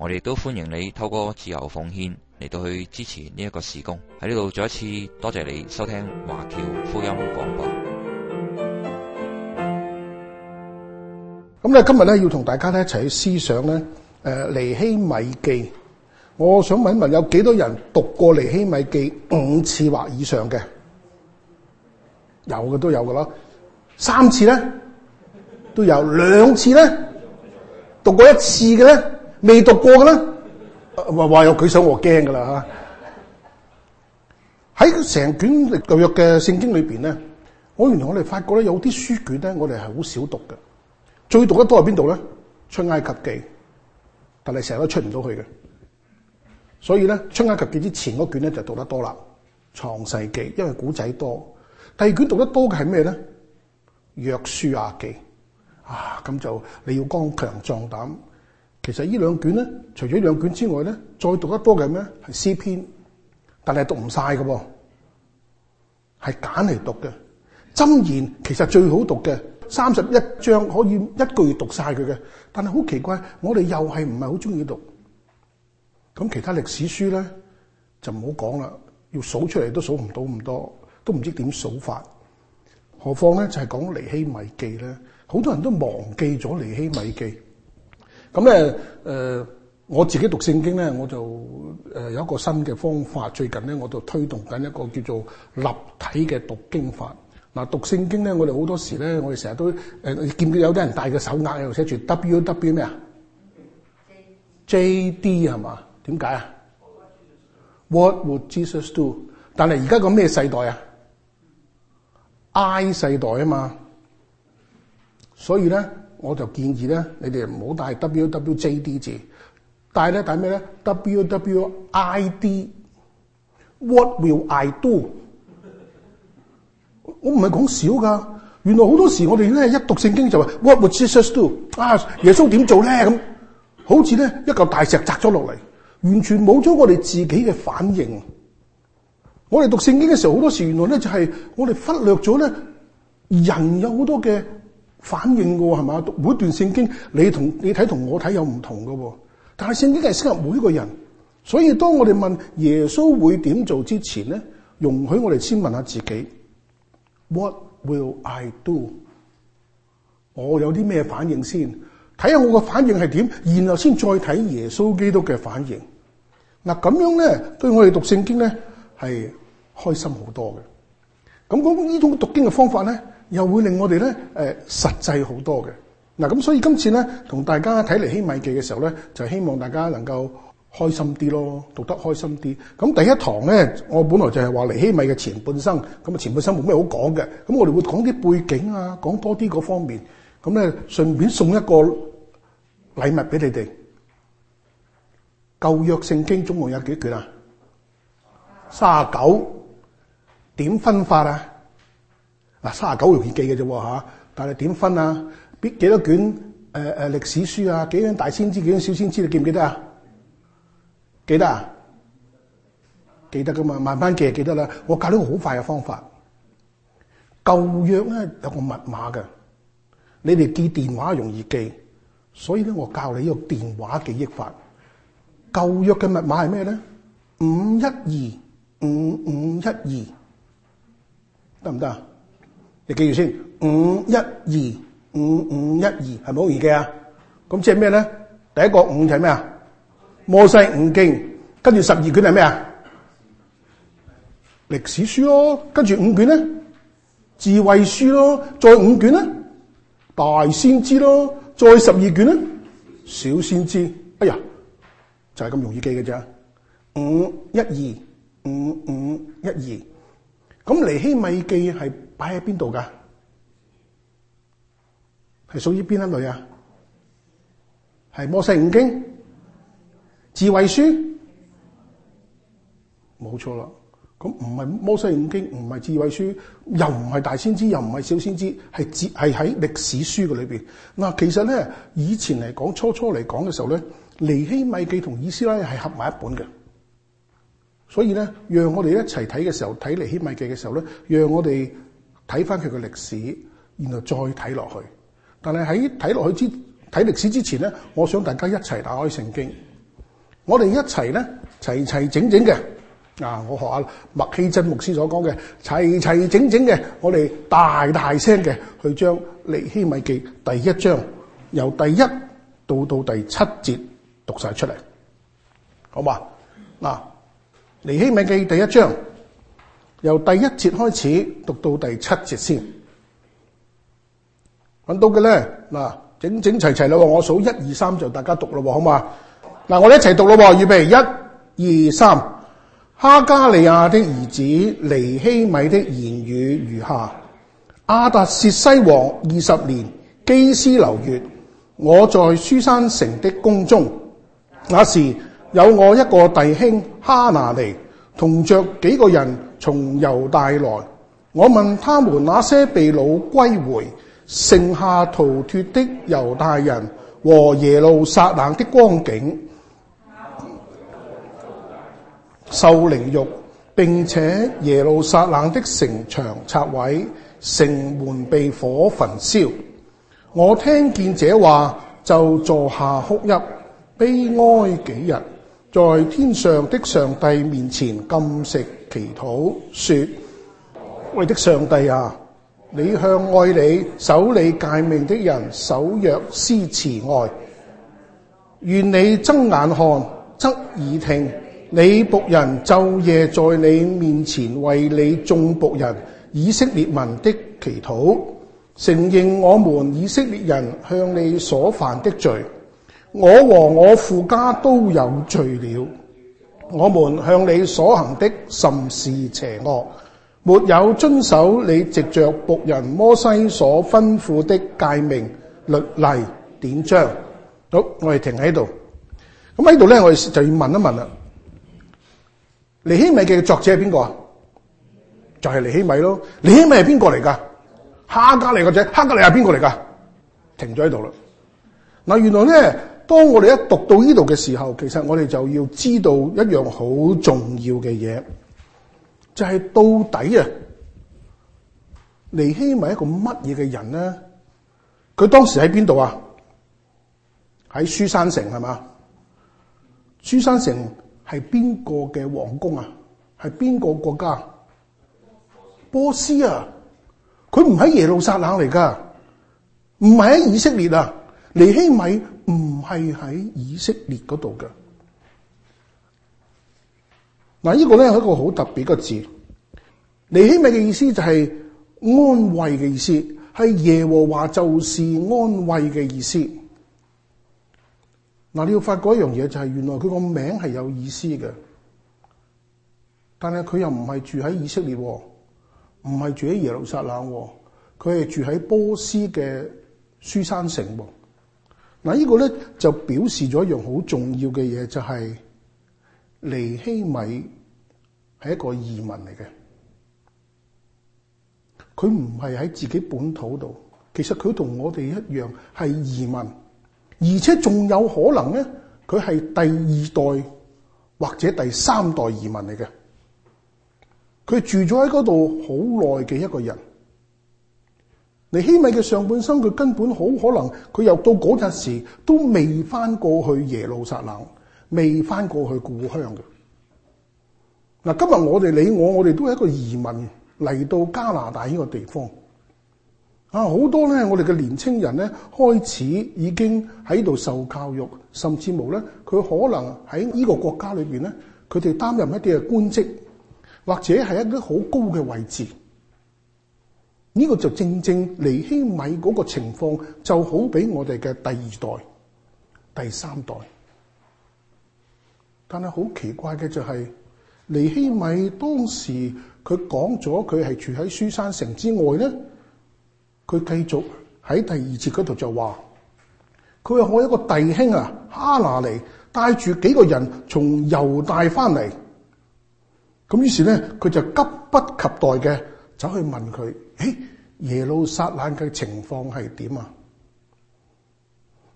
我哋亦都歡迎你透過自由奉獻嚟到去支持呢一個事工。喺呢度再一次多謝你收聽華僑福音廣播。咁咧今日咧要同大家咧一齊去思想咧誒尼希米記。我想問一問有幾多人讀過尼希米記五次或以上嘅？有嘅都有噶啦，三次咧都有，兩次咧讀過一次嘅咧。未讀過嘅咧，話、啊、話有舉手我驚噶啦吓！喺成 卷舊約嘅聖經裏邊咧，我原來我哋發覺咧有啲書卷咧我哋係好少讀嘅。最讀得多係邊度咧？出埃及記，但係成日都出唔到去嘅。所以咧出埃及記之前嗰卷咧就讀得多啦。創世記，因為古仔多。第二卷讀得多嘅係咩咧？約書亞記啊，咁就你要剛強壯膽。其實呢兩卷咧，除咗兩卷之外咧，再讀得多嘅係咩？係詩篇，但係讀唔晒嘅，係揀嚟讀嘅。箴言其實最好讀嘅，三十一章可以一個月讀晒佢嘅。但係好奇怪，我哋又係唔係好中意讀。咁其他歷史書咧，就唔好講啦，要數出嚟都數唔到咁多，都唔知點數法。何況咧，就係講尼希米記咧，好多人都忘記咗尼希米記。咁咧，誒、呃、我自己讀聖經咧，我就誒、呃、有一個新嘅方法。最近咧，我就推動緊一個叫做立體嘅讀經法。嗱、呃，讀聖經咧，我哋好多時咧，我哋成日都誒、呃、見到有啲人戴個手鐲喺度寫住 W W 咩啊？J D 係嘛？點解啊？What would Jesus do？但係而家個咩世代啊？I 世代啊嘛。所以咧。我就建議咧，你哋唔好帶 W W J D 字，帶咧帶咩咧？W W I D What will I do？我唔係講笑㗎，原來好多時我哋咧一讀聖經就話：What would Jesus do 啊？耶穌點做咧？咁好似咧一嚿大石砸咗落嚟，完全冇咗我哋自己嘅反應。我哋讀聖經嘅時候，好多時原來咧就係我哋忽略咗咧，人有好多嘅。反應嘅喎係嘛？每段聖經你，你同你睇同我睇有唔同嘅喎，但係聖經係適合每個人。所以當我哋問耶穌會點做之前咧，容許我哋先問下自己：What will I do？我有啲咩反應先？睇下我嘅反應係點，然後先再睇耶穌基督嘅反應。嗱、啊、咁樣咧，對我哋讀聖經咧係開心好多嘅。咁講呢種讀經嘅方法咧。又會令我哋咧，誒實際好多嘅。嗱，咁所以今次咧，同大家睇尼希米記嘅時候咧，就希望大家能夠開心啲咯，讀得開心啲。咁第一堂咧，我本來就係話尼希米嘅前半生，咁啊前半生冇咩好講嘅，咁我哋會講啲背景啊，講多啲嗰方面。咁咧，順便送一個禮物俾你哋。舊約聖經總共有幾卷啊？三十九點分法啊？卅九容易記嘅啫喎嚇，但係點分啊？必幾多卷？誒、呃、歷史書啊？幾卷大先知，幾卷小先知，你記唔記得啊？記得啊？記得噶嘛？慢慢記，記得啦。我教你好快嘅方法。舊約咧有個密碼嘅，你哋記電話容易記，所以咧我教你用電話記憶法。舊約嘅密碼係咩咧？五一二五五一二，得唔得啊？你記住先，五一二五五一二，係咪好易記呀？咁即係咩咧？第一個五就係咩啊？摩西五經，跟住十二卷係咩啊？歷史書咯，跟住五卷咧，智慧書咯，再五卷咧，大先知咯，再十二卷咧，小先知。哎呀，就係咁容易記嘅啫，五一二五五一二。咁尼希米記係，擺喺邊度噶係屬於邊一類啊？係摩西五經、智慧書？冇錯啦。咁唔係摩西五經，唔係智慧書，又唔係大先知，又唔係小先知，係接係喺歷史書嘅裏邊。嗱，其實咧，以前嚟講，初初嚟講嘅時候咧，尼希米記同以斯拉係合埋一本嘅。所以咧，讓我哋一齊睇嘅時候睇尼希米記嘅時候咧，讓我哋。睇翻佢嘅歷史，然後再睇落去。但係喺睇落去之睇歷史之前咧，我想大家一齊打開聖經，我哋一齊咧齊齊整整嘅啊！我學下麥希真牧師所講嘅齊齊整整嘅，我哋大大聲嘅去將尼希米記第一章由第一到到第七節讀晒出嚟，好嘛？嗱，尼希米記第一章，由第一節開始讀到第七節先揾到嘅咧。嗱，整整齊齊啦喎，我數一二三就大家讀咯好嘛？嗱，我哋一齊讀咯喎，預備一二三。哈加利亞的兒子尼希米的言語如下：亞達薛西王二十年基斯流月，我在書山城的宮中，那時有我一個弟兄哈拿尼同着幾個人。從猶大來，我問他們那些被擄歸回、剩下逃脫的猶大人和耶路撒冷的光景受凌辱，並且耶路撒冷的城牆拆毀，城門被火焚燒。我聽見這話，就坐下哭泣，悲哀幾日，在天上的上帝面前禁食。祈禱說：我的上帝啊，你向愛你、守你誡命的人守約施慈愛，願你睜眼看、側耳聽，你僕人晝夜在你面前為你眾僕人以色列民的祈禱，承認我們以色列人向你所犯的罪，我和我父家都有罪了。我們向你所行的甚是邪惡，沒有遵守你藉着僕人摩西所吩咐的誡命律例典章。好，我哋停喺度。咁喺度咧，我哋就要問一問啦。尼希米嘅作者係邊個啊？就係、是、尼希米咯。尼希米係邊個嚟噶？哈迦利個仔。哈迦利係邊個嚟噶？停咗喺度啦。嗱，原來咧。當我哋一讀到呢度嘅時候，其實我哋就要知道一樣好重要嘅嘢，就係到底啊尼希米一個乜嘢嘅人咧？佢當時喺邊度啊？喺書珊城係嘛？書珊城係邊個嘅皇宮啊？係邊個國家？波斯啊？佢唔喺耶路撒冷嚟噶，唔係喺以色列啊？尼希米。唔係喺以色列嗰度嘅，嗱、這、呢個咧，係一個好特別嘅字。尼希米嘅意思就係安慰嘅意思，係耶和華就是安慰嘅意思。嗱，你要發覺一樣嘢，就係、是，原來佢個名係有意思嘅，但係佢又唔係住喺以色列，唔係住喺耶路撒冷，佢係住喺波斯嘅書山城。嗱，呢個咧就表示咗一樣好重要嘅嘢，就係尼希米係一個移民嚟嘅，佢唔係喺自己本土度，其實佢同我哋一樣係移民，而且仲有可能咧，佢係第二代或者第三代移民嚟嘅，佢住咗喺度好耐嘅一個人。尼希米嘅上半生，佢根本好可能，佢由到嗰陣時都未翻過去耶路撒冷，未翻過去故鄉嘅。嗱，今日我哋你我，我哋都係一個移民嚟到加拿大呢個地方。啊，好多咧，我哋嘅年青人咧，開始已經喺度受教育，甚至乎咧，佢可能喺呢個國家裏邊咧，佢哋擔任一啲嘅官職，或者係一啲好高嘅位置。呢個就正正尼希米嗰個情況，就好比我哋嘅第二代、第三代。但係好奇怪嘅就係、是，尼希米當時佢講咗佢係住喺書珊城之外咧，佢繼續喺第二節嗰度就話，佢話我一個弟兄啊哈拿尼帶住幾個人從猶大翻嚟，咁於是咧佢就急不及待嘅。走去問佢：誒，耶路撒冷嘅情況係點啊？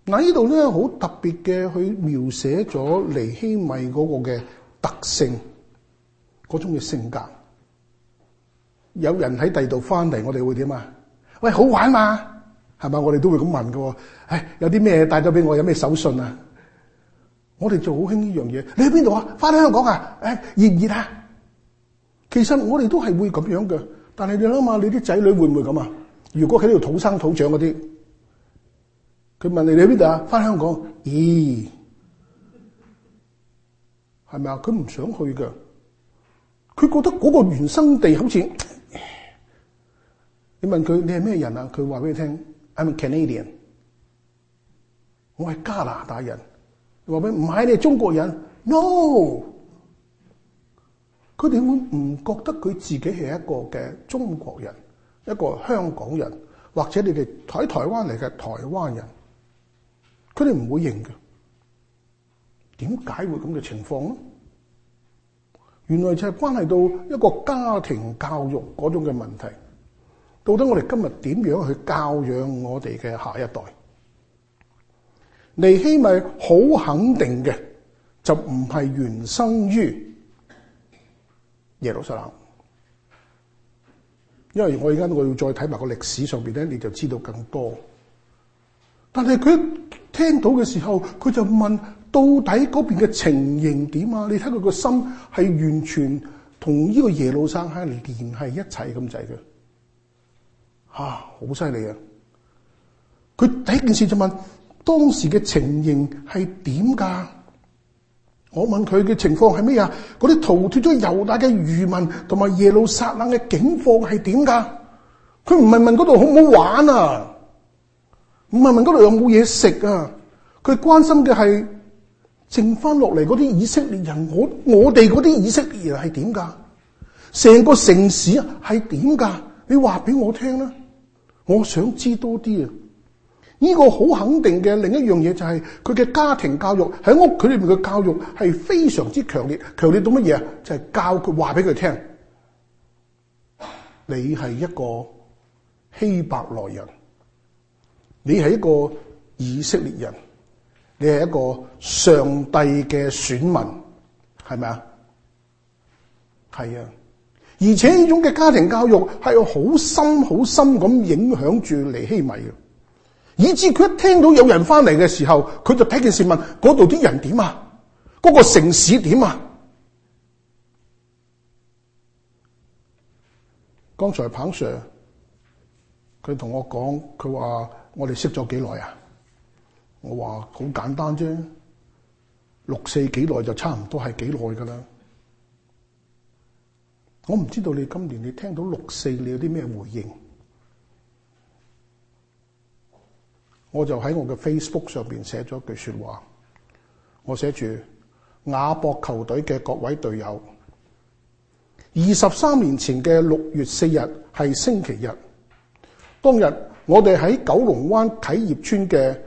嗱，呢度咧好特別嘅，佢描寫咗尼希米嗰個嘅特性，嗰種嘅性格。有人喺第二度翻嚟，我哋會點啊？喂，好玩嘛？係咪？我哋都會咁問嘅。誒，有啲咩帶咗俾我？有咩手信啊？我哋就好興呢樣嘢。你去邊度啊？翻香港啊？誒，熱唔熱啊？其實我哋都係會咁樣嘅。但係你諗下，你啲仔女會唔會咁啊？如果喺度土生土長嗰啲，佢問你，你喺邊度啊？返香港，咦、欸，係咪啊？佢唔想去嘅，佢覺得嗰個原生地好似你問佢，你係咩人啊？佢話俾你聽，I'm a Canadian，我係加拿大人。話俾唔係你係中國人，No。佢哋會唔覺得佢自己係一個嘅中國人，一個香港人，或者你哋喺台灣嚟嘅台灣人，佢哋唔會認嘅。點解會咁嘅情況咧？原來就係關係到一個家庭教育嗰種嘅問題，到底我哋今日點樣去教養我哋嘅下一代？尼希米好肯定嘅，就唔係原生於。耶路撒冷，因為我而家我要再睇埋個歷史上邊咧，你就知道更多。但係佢聽到嘅時候，佢就問：到底嗰邊嘅情形點啊？你睇佢個心係完全同呢個耶路撒冷連係一齊咁滯嘅，啊，好犀利啊！佢第一件事就問當時嘅情形係點㗎？我問佢嘅情況係咩啊？嗰啲逃脫咗猶大嘅漁民同埋耶路撒冷嘅境況係點㗎？佢唔係問嗰度好唔好玩啊，唔係問嗰度有冇嘢食啊，佢關心嘅係剩返落嚟嗰啲以色列人，我我哋嗰啲以色列人係點㗎？成個城市係點㗎？你話俾我聽啦，我想知多啲啊！呢個好肯定嘅。另一樣嘢就係佢嘅家庭教育，喺屋企裏面嘅教育係非常之強烈，強烈到乜嘢啊？就係教佢話俾佢聽，你係一個希伯來人，你係一個以色列人，你係一個上帝嘅選民，係咪啊？係啊！而且呢種嘅家庭教育係好深好深咁影響住尼希米嘅。以至佢一聽到有人翻嚟嘅時候，佢就睇件事問嗰度啲人點啊？嗰個城市點啊？ 剛才彭 Sir 佢同我講，佢話我哋識咗幾耐啊？我話好簡單啫，六四幾耐就差唔多係幾耐噶啦。我唔知道你今年你聽到六四你有啲咩回應？我就喺我嘅 Facebook 上面寫咗一句說話，我寫住亞博球隊嘅各位隊友，二十三年前嘅六月四日係星期日，當日我哋喺九龍灣啟業村嘅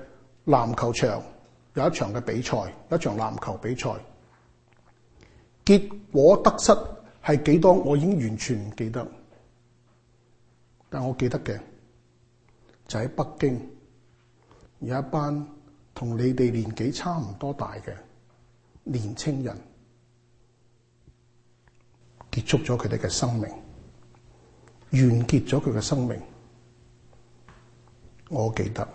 籃球場有一場嘅比賽，一場籃球比賽，結果得失係幾多，我已經完全唔記得，但我記得嘅就喺北京。有一班同你哋年紀差唔多大嘅年青人，結束咗佢哋嘅生命，完結咗佢嘅生命。我記得，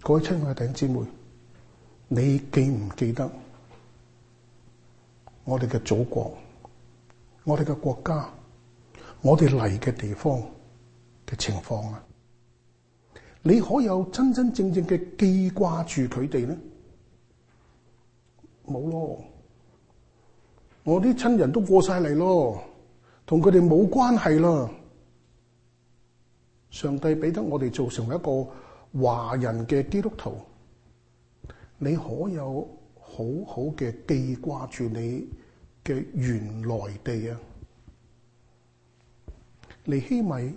各位親愛嘅弟兄姊妹，你記唔記得我哋嘅祖國、我哋嘅國家、我哋嚟嘅地方嘅情況啊？你可有真真正正嘅記掛住佢哋呢？冇咯，我啲親人都過晒嚟咯同佢哋冇關係啦。上帝畀得我哋做成為一個華人嘅基督徒，你可有好好嘅記掛住你嘅原來地啊？尼希米？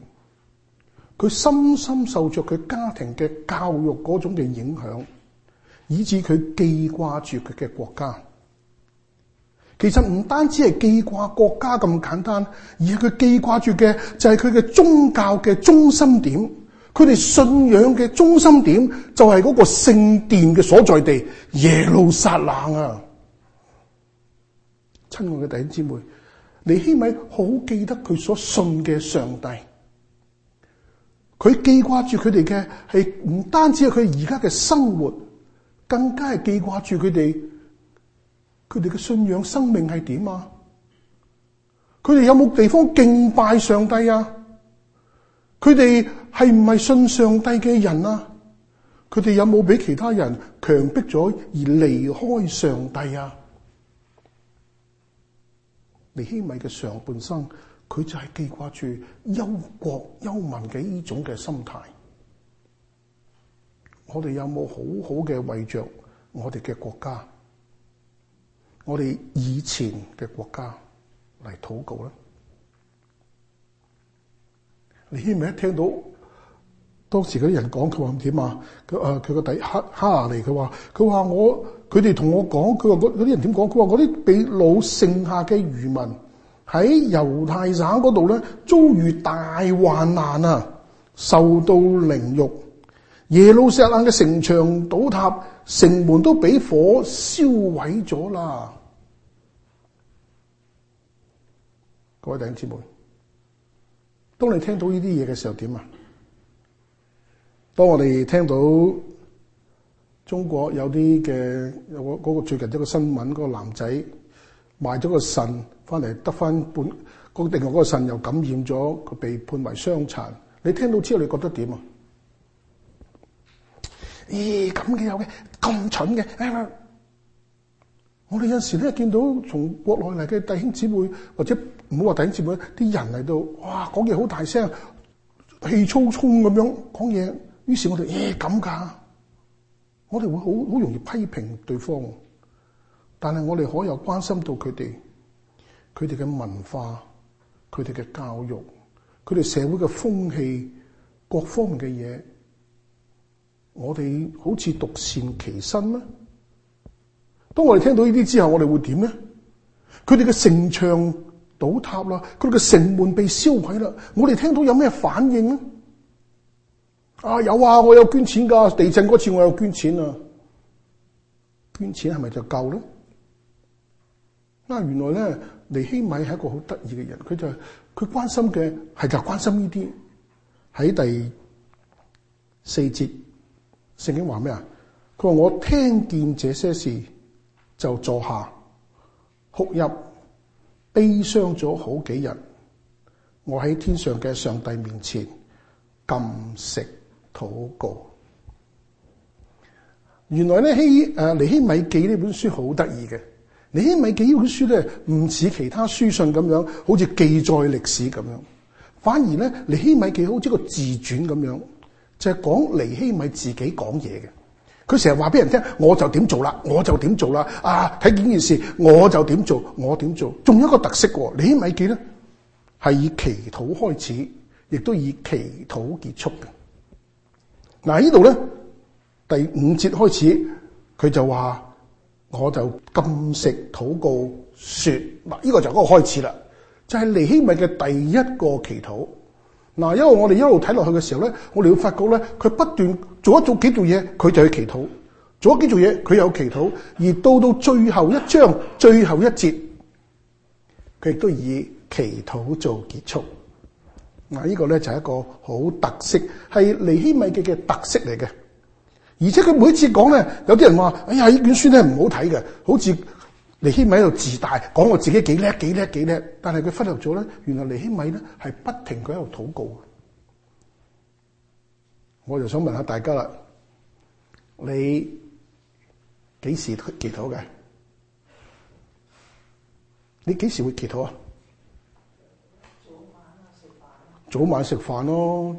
佢深深受着佢家庭嘅教育嗰種嘅影響，以致佢記掛住佢嘅國家。其實唔單止係記掛國家咁簡單，而佢記掛住嘅就係佢嘅宗教嘅中心點，佢哋信仰嘅中心點就係嗰個聖殿嘅所在地耶路撒冷啊！親愛嘅弟兄姊妹，尼希米好記得佢所信嘅上帝。佢記掛住佢哋嘅，係唔單止係佢而家嘅生活，更加係記掛住佢哋，佢哋嘅信仰生命係點啊？佢哋有冇地方敬拜上帝啊？佢哋係唔係信上帝嘅人啊？佢哋有冇俾其他人強迫咗而離開上帝啊？尼希米嘅上半生。佢就係記掛住憂國憂民嘅呢種嘅心態，我哋有冇好好嘅為着我哋嘅國家，我哋以前嘅國家嚟禱告咧？尼希米一聽到當時嗰啲人講佢話點啊，佢誒佢個弟哈拿尼嚟，佢話佢話我佢哋同我講，佢話嗰啲人點講？佢話嗰啲俾擄剩下嘅餘民。喺猶太省嗰度咧，遭遇大患難啊！受到凌辱，耶路撒冷嘅城牆倒塌，城門都俾火燒毀咗啦！各位弟兄姊妹，當你聽到呢啲嘢嘅時候點啊？當我哋聽到中國有啲嘅，有嗰個最近一個新聞，嗰、嗰個男仔。賣咗個腎翻嚟得翻半，嗰另外嗰個腎又感染咗，佢被判為傷殘。你聽到之後，你覺得點啊？咦、欸，咁嘅有嘅，咁蠢嘅、欸。我哋有時咧見到從國內嚟嘅弟兄姊妹，或者唔好話弟兄姊妹，啲人嚟到，哇，講嘢好大聲，氣粗粗咁樣講嘢。於是我、欸，我哋咦咁噶？我哋會好好容易批評對方。但係我哋可有關心到佢哋、佢哋嘅文化、佢哋嘅教育、佢哋社會嘅風氣，各方面嘅嘢？我哋好似獨善其身咩？當我哋聽到呢啲之後，我哋會點咧？佢哋嘅城牆倒塌啦，佢哋嘅城門被燒毀啦，我哋聽到有咩反應咧？啊，有啊，我有捐錢噶，地震嗰次我有捐錢啊，捐錢係咪就夠咧？嗱，原來咧，尼希米係一個好得意嘅人，佢就佢、係、關心嘅係就是關心呢啲。喺第四節，聖經話咩啊？佢話我聽見這些事就坐下哭泣，悲傷咗好幾日。我喺天上嘅上帝面前禁食禱告。原來咧希誒尼希米記呢本書好得意嘅。尼希米記呢本書咧，唔似其他書信咁樣，好似記載歷史咁樣，反而咧，尼希米記好似個自傳咁樣，就係講尼希米自己講嘢嘅。佢成日話俾人聽，我就點做啦，我就點做啦。啊，睇見件事，我就點做，我點做。仲有一個特色，哦，尼希米記咧係以祈禱開始，亦都以祈禱結束嘅。嗱，啊，呢度咧第五節開始，佢就話。我就禁食禱告說，嗱，呢個就係嗰個開始啦，就係尼希米嘅第一個祈禱。嗱，因為我哋一路睇落去嘅時候咧，我哋會發覺咧，佢不斷做一做幾做嘢，佢就去祈禱；做一幾做嘢，佢又祈禱。而到到最後一章最後一節，佢亦都以祈禱做結束。嗱，呢個咧就係一個好特色，係尼希米嘅嘅特色嚟嘅。而且佢每次講咧，有啲人話：哎呀，呢本書咧唔好睇嘅，好似尼希米喺度自大，講我自己幾叻幾叻幾叻。但係佢忽略咗咧，原來尼希米咧係不停佢喺度禱告。我就想問下大家啦，你幾時去祈禱嘅？你幾時會祈禱啊？早晚食飯咯，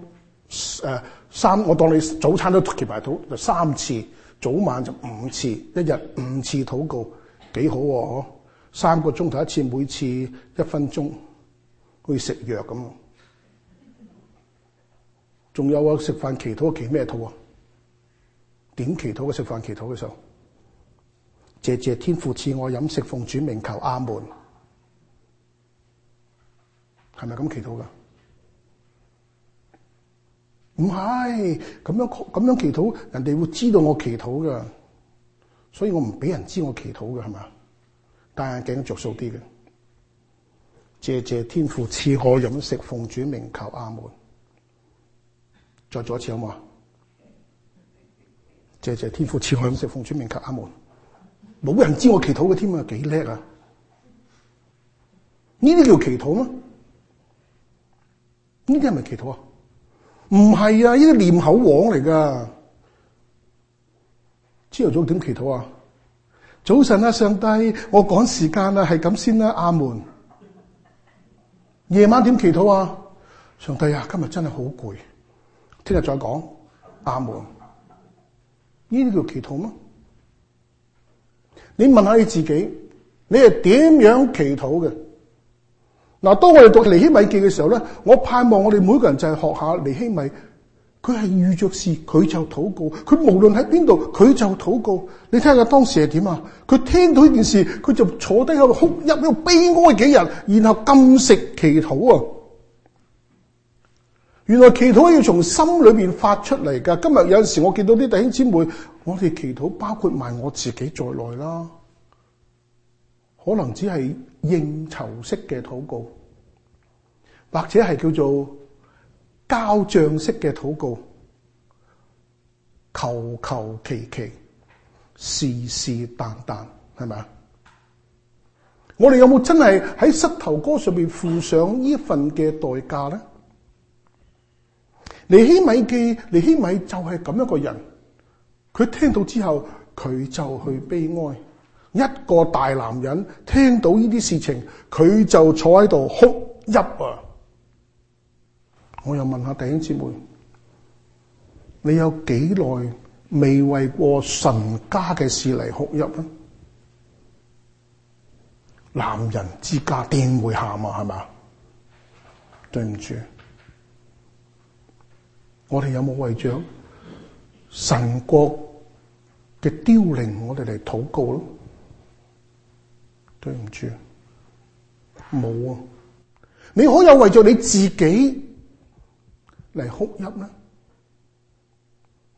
誒、啊。三，我當你早餐都祈埋禱，就三次；早晚就五次，一日五次禱告幾好喎、啊？三個鐘頭一次，每次一分鐘，好似食藥咁。仲有啊，食飯祈禱祈咩禱啊？點祈禱嘅？食飯祈禱嘅時候，謝謝天父賜我飲食奉主名求，阿門，係咪咁祈禱噶？唔係咁樣，咁樣祈禱，人哋會知道我祈禱噶，所以我唔俾人知我祈禱噶，係咪？戴眼鏡着數啲嘅，謝謝天父賜我飲食奉主名求阿門。再做一次好嘛？謝謝天父賜我飲食奉主名求阿門。冇人知我祈禱嘅添啊，幾叻啊！呢啲叫祈禱咩？呢啲係咪祈禱啊？唔係啊！呢啲念口簧嚟噶。朝頭早點祈禱啊？早晨啊，上帝，我趕時間啊，係咁先啦，阿門。夜晚點祈禱啊？上帝啊，今日真係好攰。聽日再講，阿門。呢啲叫祈禱咩？你問下你自己，你係點樣祈禱嘅？嗱，當我哋讀尼希米記嘅時候咧，我盼望我哋每個人就係學下尼希米，佢係遇著事佢就禱告，佢無論喺邊度佢就禱告。你睇下當時係點啊？佢聽到呢件事，佢就坐低喺度哭泣，喺度悲哀幾日，然後禁食祈禱啊！原來祈禱要從心裏邊發出嚟㗎。今日有陣時我見到啲弟兄姊妹，我哋祈禱包括埋我自己在內啦，可能只係。應酬式嘅禱告，或者係叫做交賬式嘅禱告，求求其其，事事旦旦是是但但，係咪啊？我哋有冇真係喺膝頭哥上邊付上份呢份嘅代價咧？尼希米記，尼希米就係咁樣一個人，佢聽到之後，佢就去悲哀。一個大男人聽到呢啲事情，佢就坐喺度哭泣啊！我又問下弟兄姊妹，你有幾耐未為過神家嘅事嚟哭泣啊？男人之家點會喊啊？係咪？對唔住，我哋有冇為着神國嘅凋零，我，我哋嚟禱告咧？對唔住，冇啊！你可以有為咗你自己嚟哭泣咩？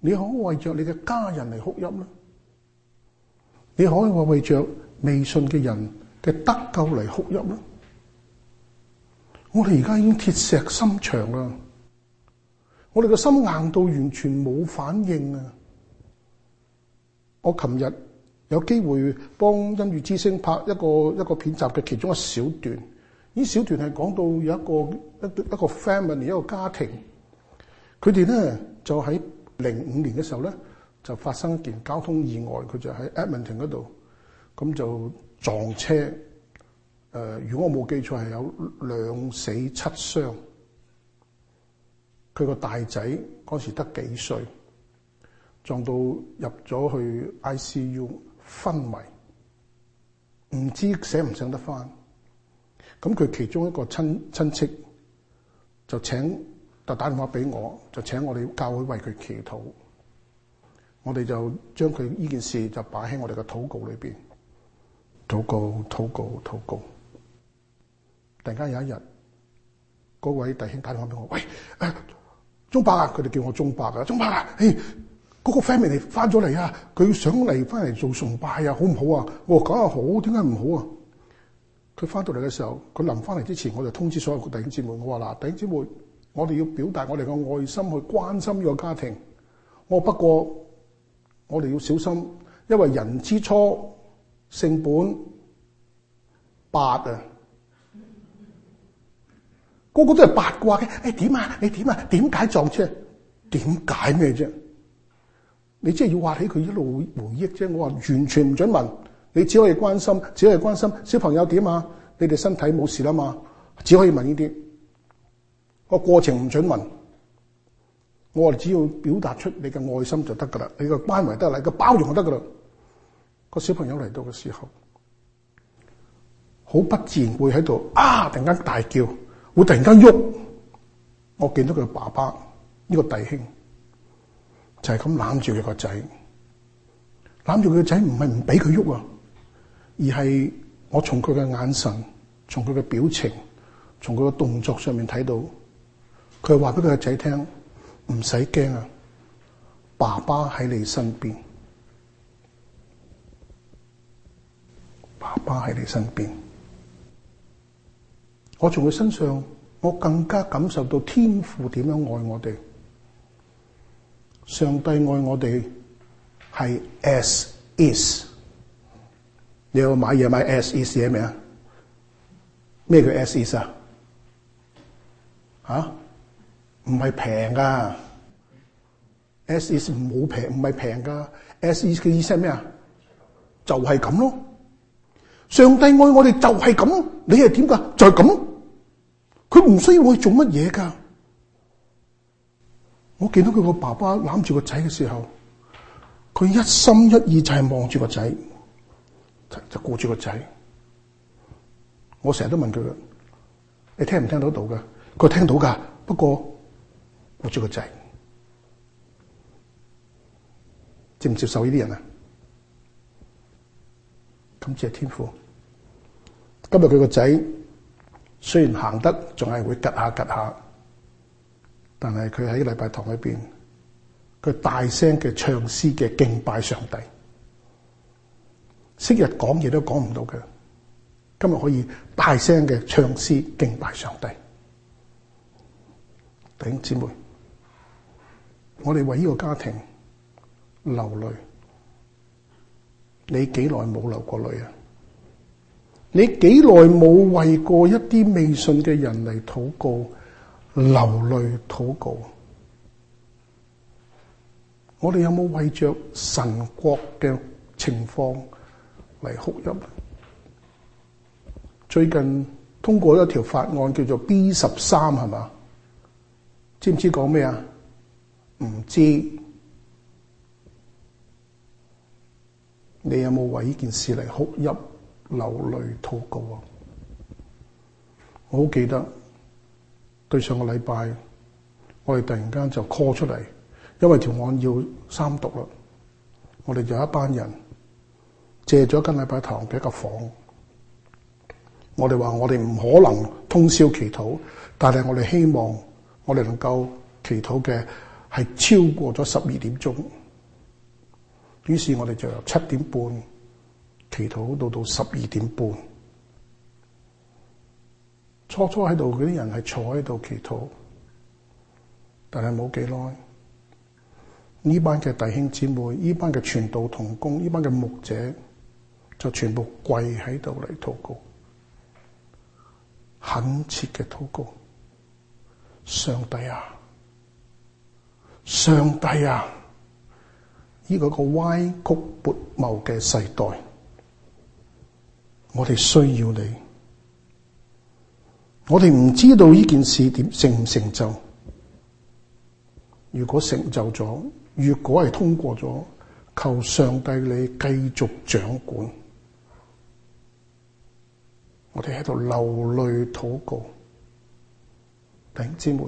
你可以為咗你嘅家人嚟哭泣咩？你可以話為著未信嘅人嘅得救嚟哭泣咩？我哋而家已經鐵石心腸啦，我哋個心硬到完全冇反應啊！我琴日，有機會幫《恩雨之聲》拍一個一個片集嘅其中一小段，呢小段係講到有一個一一個 family，一個家庭，佢哋咧就喺零五年嘅時候咧就發生一件交通意外，佢就喺 Edmonton 嗰度，咁就撞車。誒、呃，如果我冇記錯係有兩死七傷，佢個大仔嗰時得幾歲，撞到入咗去 ICU。昏迷唔知醒唔醒得返，咁佢其中一個親親戚就請就打電話俾我，就請我哋教會為佢祈禱，我哋就將佢呢件事就擺喺我哋嘅禱告裏邊，禱告禱告禱告，突然間有一日，嗰位弟兄打電話俾我，喂，鍾伯啊，佢哋、啊、叫我鍾伯啊，鍾伯啊，嘿。嗰個 family 嚟翻咗嚟啊！佢要上嚟翻嚟做崇拜啊，好唔好啊？我講又好，點解唔好啊？佢翻到嚟嘅時候，佢臨翻嚟之前，我就通知所有弟兄姊妹，我話嗱，弟兄姊妹，我哋要表達我哋嘅愛心去關心呢個家庭。我不過我哋要小心，因為人之初，性本八啊，個個都係八卦嘅。你、欸、點啊？你、欸、點啊？點解撞車？點解咩啫？你即係要話起佢一路回憶啫，我話完全唔准問，你只可以關心，只可以關心小朋友點啊？你哋身體冇事啦嘛？只可以問呢啲，個過程唔准問。我話只要表達出你嘅愛心就得噶啦，你個關懷得嚟，個包容就得噶啦。個小朋友嚟到嘅時候，好不自然會喺度啊！突然間大叫，會突然間喐。我見到佢爸爸呢個弟兄。就係咁攬住佢個仔，攬住佢個仔唔係唔俾佢喐啊，而係我從佢嘅眼神、從佢嘅表情、從佢嘅動作上面睇到，佢話俾佢個仔聽：唔使驚啊，爸爸喺你身邊，爸爸喺你身邊。我從佢身上，我更加感受到天父點樣愛我哋。上帝愛我哋係 as is 你。你要買嘢買 as is 嘢咩啊？咩叫 as is 啊？吓、啊，唔係平噶。as is 唔好平，唔係平噶。as is 嘅意思係咩啊？就係、是、咁咯。上帝愛我哋就係咁，你係點噶？就係、是、咁。佢唔需要我做乜嘢噶。我見到佢個爸爸攬住個仔嘅時候，佢一心一意就係望住個仔，就就顧住個仔。我成日都問佢，你聽唔聽聽到到噶？佢聽到噶，不過顧住個仔，接唔接受呢啲人啊？感謝天父。今日佢個仔雖然行得，仲係會吉下吉下。但係佢喺禮拜堂裏邊，佢大聲嘅唱詩嘅敬拜上帝，昔日講嘢都講唔到佢，今日可以大聲嘅唱詩敬拜上帝。弟兄姊妹，我哋為呢個家庭流淚，你幾耐冇流過淚啊？你幾耐冇為過一啲未信嘅人嚟禱告？流淚禱告，我哋有冇為着神國嘅情況嚟哭泣？最近通過一條法案，叫做 B 十三係嘛？知唔知講咩啊？唔知，你有冇為呢件事嚟哭泣、流淚禱告啊？我好記得。對上個禮拜，我哋突然間就 call 出嚟，因為條案要三讀啦。我哋有一班人借咗間禮拜堂嘅一個房，我哋話我哋唔可能通宵祈禱，但係我哋希望我哋能夠祈禱嘅係超過咗十二點鐘。於是我哋就由七點半祈禱到到十二點半。初初喺度嗰啲人係坐喺度祈禱，但係冇幾耐，呢班嘅弟兄姊妹、呢班嘅傳道同工、呢班嘅牧者就全部跪喺度嚟禱告，懇切嘅禱告。上帝啊，上帝啊！呢、這個個歪曲悖謬嘅世代，我哋需要你。我哋唔知道呢件事點成唔成就？如果成就咗，如果係通過咗，求上帝你繼續掌管。我哋喺度流淚禱告，弟兄姊妹，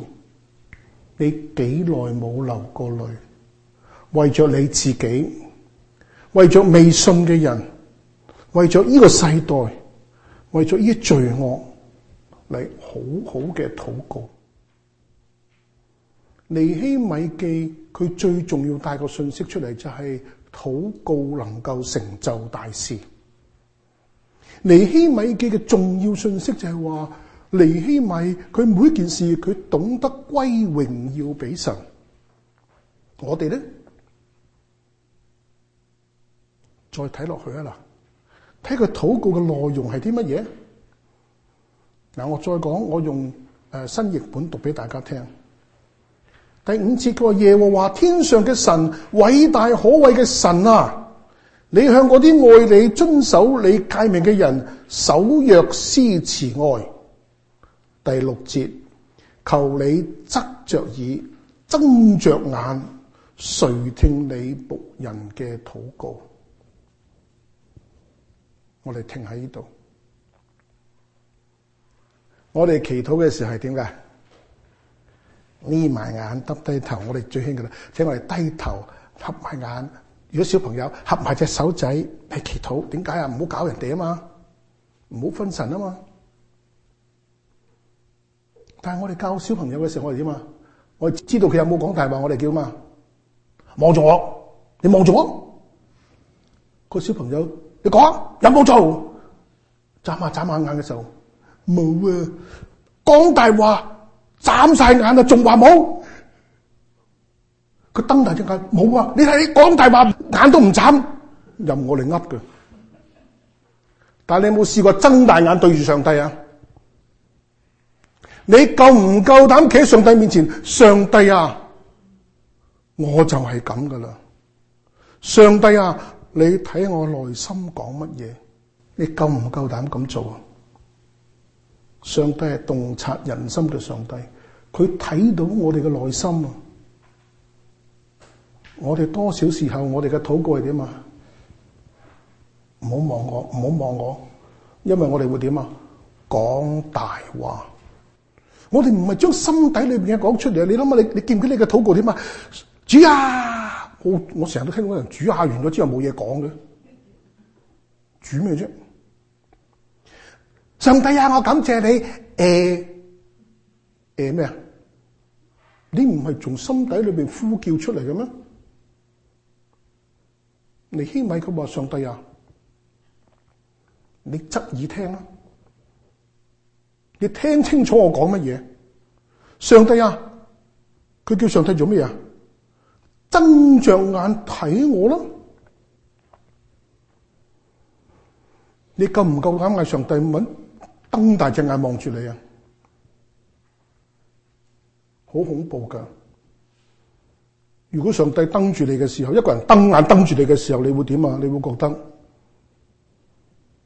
你幾耐冇流過淚？為着你自己，為着未信嘅人，為着呢個世代，為咗呢個罪惡。嚟好好嘅禱告，尼希米記佢最重要帶個信息出嚟就係、是、禱告能夠成就大事。尼希米記嘅重要信息就係、是、話，尼希米佢每件事佢懂得歸榮耀俾神。我哋咧再睇落去啊啦，睇佢禱告嘅內容係啲乜嘢？嗱，我再講，我用誒新譯本讀俾大家聽。第五節佢話，耶和華天上嘅神，偉大可畏嘅神啊！你向嗰啲愛你、遵守你誡命嘅人守約施慈愛。第六節，求你側着耳、睜着眼，垂聽你僕人嘅禱告。我哋停喺呢度。我哋祈禱嘅時候係點噶眯埋眼，耷低頭。我哋最興噶啦，請我哋低頭，合埋眼。如果小朋友合埋隻手仔嚟祈禱，點解啊？唔好搞人哋啊嘛，唔好分神啊嘛。但係我哋教小朋友嘅時候，我哋點啊？我知道佢有冇講大話，我哋叫嘛，望住我，你望住我。個小朋友，你講有冇做？眨下眨下眼嘅時候。冇啊！講大話，眨晒眼啊，仲話冇？佢瞪大隻眼，冇啊！你睇你講大話，眼都唔眨，任我嚟呃嘅。但係你有冇試過睜大眼對住上帝啊？你夠唔夠膽企喺上帝面前？上帝啊，我就係咁噶啦！上帝啊，你睇我內心講乜嘢？你夠唔夠膽咁做啊？上帝係洞察人心嘅上帝，佢睇到我哋嘅內心啊！我哋多少時候我哋嘅禱告係點啊？唔好望我，唔好望我，因為我哋會點啊？講大話，我哋唔係將心底裏邊嘅講出嚟。你諗下，你想想你，你見唔見你嘅禱告點啊？主啊！我我成日都聽到人主下完咗之後冇嘢講嘅，主咩啫？上帝啊，我感謝你。誒誒咩啊？你唔係從心底裏邊呼叫出嚟嘅咩？尼希米佢話上帝啊，你側耳聽啦，你聽清楚我講乜嘢？上帝啊，佢叫上帝做咩啊？睜著眼睇我啦，你夠唔夠膽嗌上帝問？瞪大隻眼望住你啊，好恐怖噶！如果上帝瞪住你嘅時候，一個人瞪眼瞪住你嘅時候，你會點啊？你會覺得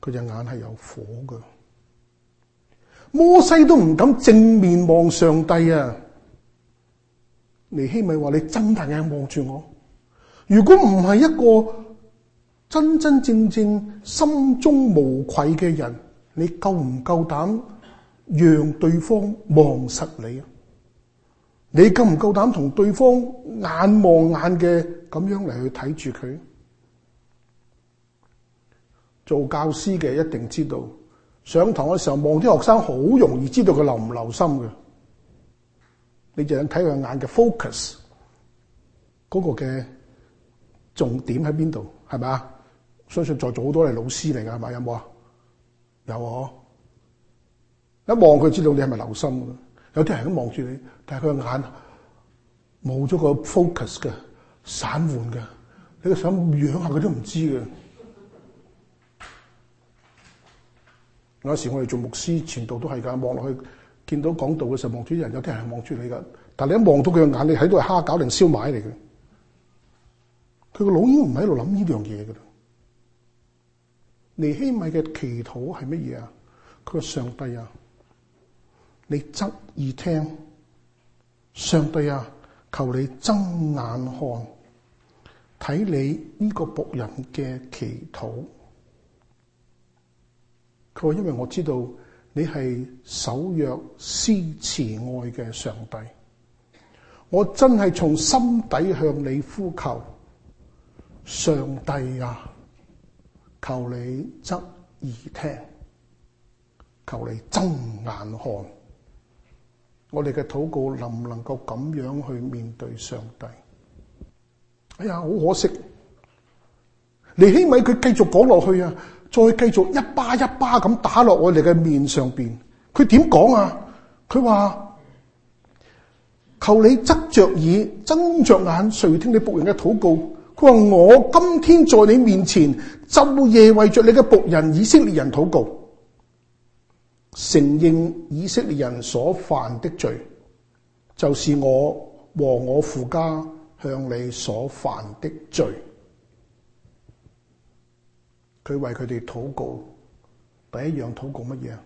佢隻眼係有火噶？摩西都唔敢正面望上帝啊！尼希米話，你睜大眼望住我。如果唔係一個真真正正心中無愧嘅人。你夠唔夠膽讓對方望實你啊？你夠唔夠膽同對方眼望眼嘅咁樣嚟去睇住佢？做教師嘅一定知道，上堂嘅時候望啲學生好容易知道佢留唔留心嘅。你就想睇佢眼嘅 focus，嗰個嘅重點喺邊度？係咪啊？相信在座好多係老師嚟噶，係咪？有冇啊？有啊、哦，一望佢知道你係咪留心嘅，有啲人都望住你，但係佢個眼冇咗個 focus 嘅散緩嘅。你嘅想養下佢都唔知嘅。有時我哋做牧師，全度都係㗎，望落去見到講道嘅時候，望住啲人，有啲人望住你㗎。但係你一望到佢嘅眼，你喺度係蝦餃定燒賣嚟嘅。佢個腦已經唔喺度諗呢樣嘢㗎啦。尼希米嘅祈禱係乜嘢啊？佢話，上帝啊，你側耳聽，上帝啊，求你睜眼看，睇你呢個僕人嘅祈禱。佢話，因為我知道你係守約施慈愛嘅上帝，我真係從心底向你呼求，上帝啊！求你側耳聽，求你睜眼看，我哋嘅禱告能唔能夠咁樣去面對上帝？哎呀，好可惜！尼希米佢繼續講落去啊，再繼續一巴一巴咁打落我哋嘅面上邊。佢點講啊？佢話求你側著耳，睜著眼，垂聽你僕人嘅禱告。佢話，我今天在你面前晝夜為着你嘅僕人以色列人禱告，承認以色列人所犯的罪，就是我和我父家向你所犯的罪。佢為佢哋禱告，第一樣禱告乜嘢啊？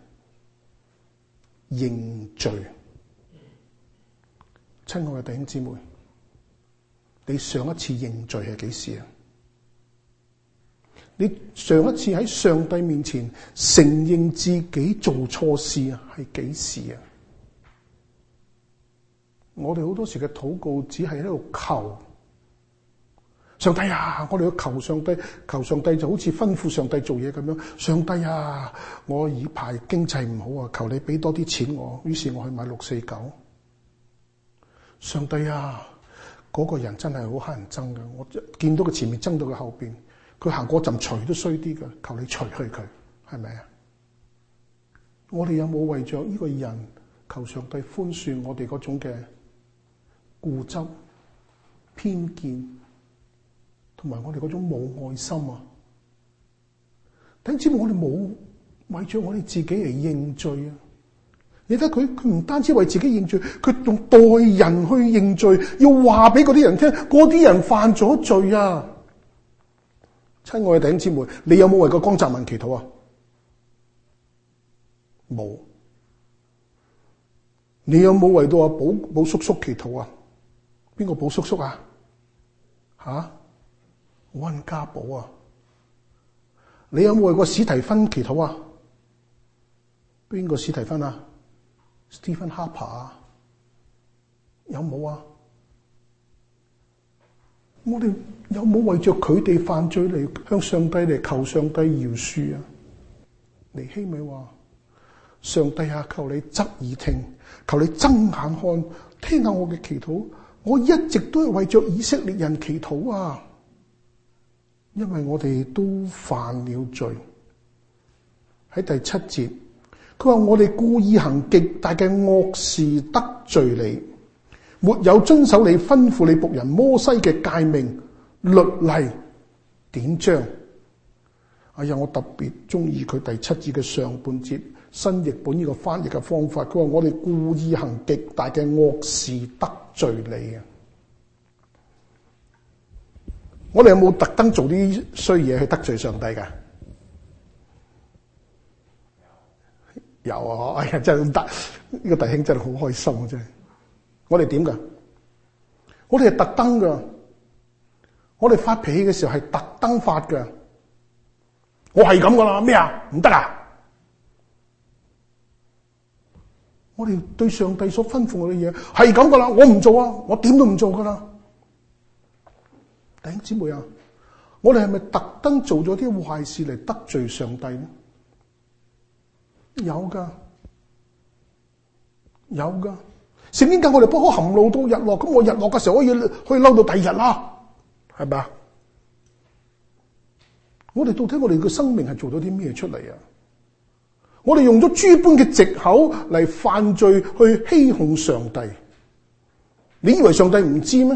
認罪。親愛嘅弟兄姊妹。你上一次認罪係幾時啊？你上一次喺上帝面前承認自己做錯事啊，係幾時啊？我哋好多時嘅禱告只係喺度求，上帝啊！我哋要求上帝，求上帝就好似吩咐上帝做嘢咁樣。上帝啊，我呢排經濟唔好啊，求你俾多啲錢我。於是我去買六四九。上帝啊！嗰個人真係好乞人憎㗎，我見到佢前面憎到佢後邊，佢行過陣除都衰啲㗎，求你除去佢，係咪啊？我哋有冇為咗呢個人求上帝寬恕我哋嗰種嘅固執、偏見，同埋我哋嗰種冇愛心啊？點知我哋冇為咗我哋自己嚟認罪啊？你睇佢，佢唔單止為自己認罪，佢仲代人去認罪，要話俾嗰啲人聽，嗰啲人犯咗罪啊！親愛的弟兄姊妹，你有冇為過江澤民祈禱啊？冇。你有冇為到阿寶寶叔叔祈禱啊？邊個寶叔叔啊？吓、啊？溫家寶啊？你有冇為過史提芬祈禱啊？邊個史提芬啊？Stephen Harper，有冇啊？我哋有冇為着佢哋犯罪嚟向上帝嚟求上帝饒恕啊？尼希米話：上帝下、啊、求你側耳聽，求你睜眼看，聽下我嘅祈禱。我一直都係為着以色列人祈禱啊，因為我哋都犯了罪。喺第七節。佢話我哋故意行極大嘅惡事得罪你，沒有遵守你吩咐你僕人摩西嘅誡命律例典章。哎呀，我特別中意佢第七節嘅上半節新譯本呢個翻譯嘅方法。佢話我哋故意行極大嘅惡事得罪你啊！我哋有冇特登做啲衰嘢去得罪上帝㗎？有啊！哎呀，真係咁得呢個弟兄真係好開心啊！真係，我哋點噶？我哋係特登噶，我哋發脾氣嘅時候係特登發噶。我係咁噶啦，咩啊？唔得啊！我哋對上帝所吩咐我哋嘢係咁噶啦，我唔做啊，我點都唔做噶啦。弟兄姊妹啊，我哋係咪特登做咗啲壞事嚟得罪上帝呢？有噶，有噶。聖經教我哋不可行路到日落，咁我日落嘅時候可以去溜到第二日啦，係咪啊？我哋到底我哋嘅生命係做咗啲咩出嚟啊？我哋用咗諸般嘅借口嚟犯罪，去欺哄上帝。你以為上帝唔知咩？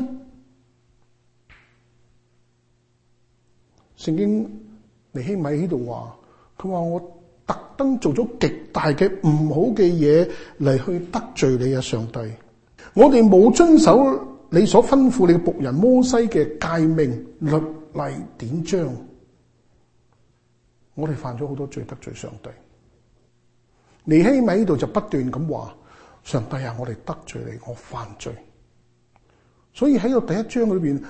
聖經尼希米喺度話，佢話我。特登做咗極大嘅唔好嘅嘢嚟去得罪你啊！上帝，我哋冇遵守你所吩咐你僕人摩西嘅誡命律例典章，我哋犯咗好多罪得罪上帝。尼希米呢度就不斷咁話：上帝啊，我哋得罪你，我犯罪。所以喺個第一章裏邊，